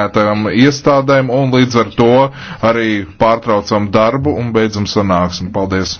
minētajām iestādēm un līdz ar to arī pārtraucam darbu un beidzam sanāksmi. Paldies!